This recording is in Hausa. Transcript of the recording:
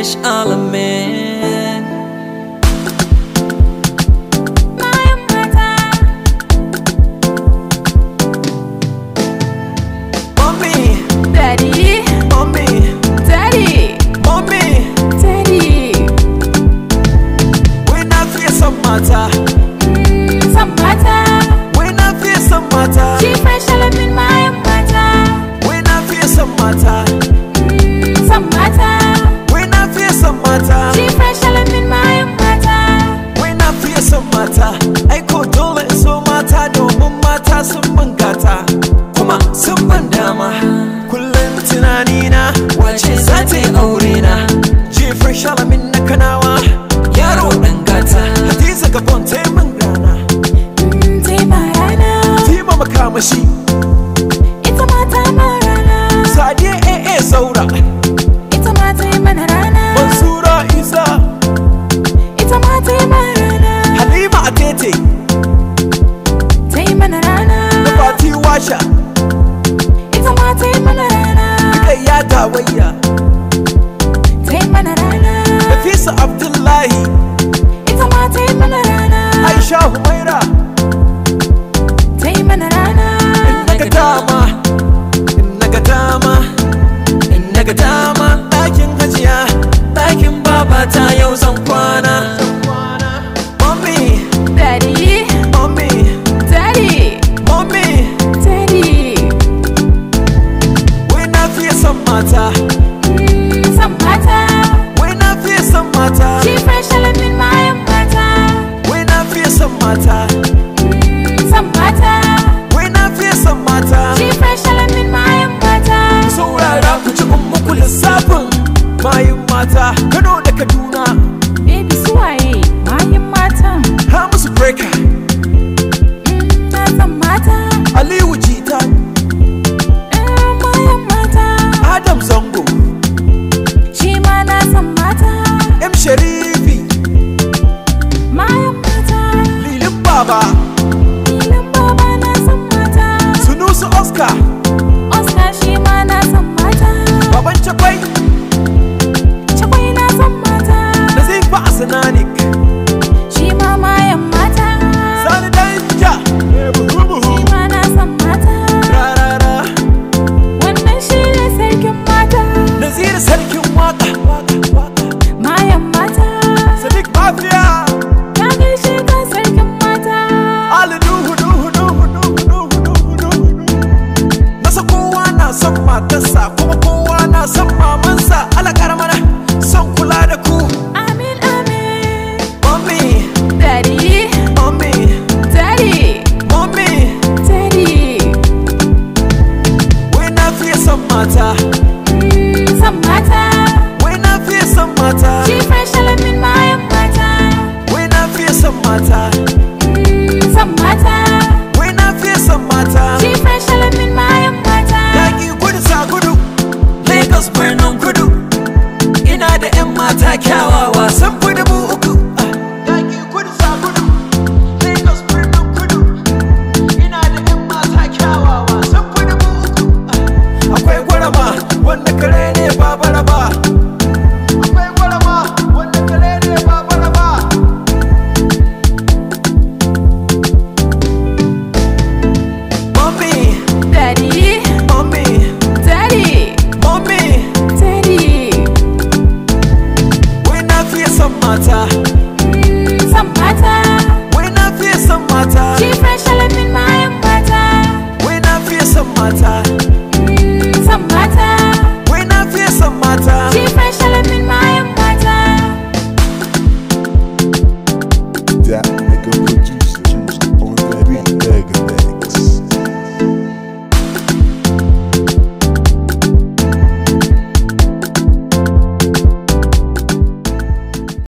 fresh all of me kuma sun ban dama kullum tunani na wace za ta yi aure na jefin shalamin na kanawa yaro dan gata hadiza gabon ta yi min rana mm, tima makamashi ita ma ta rana sadiya aa saura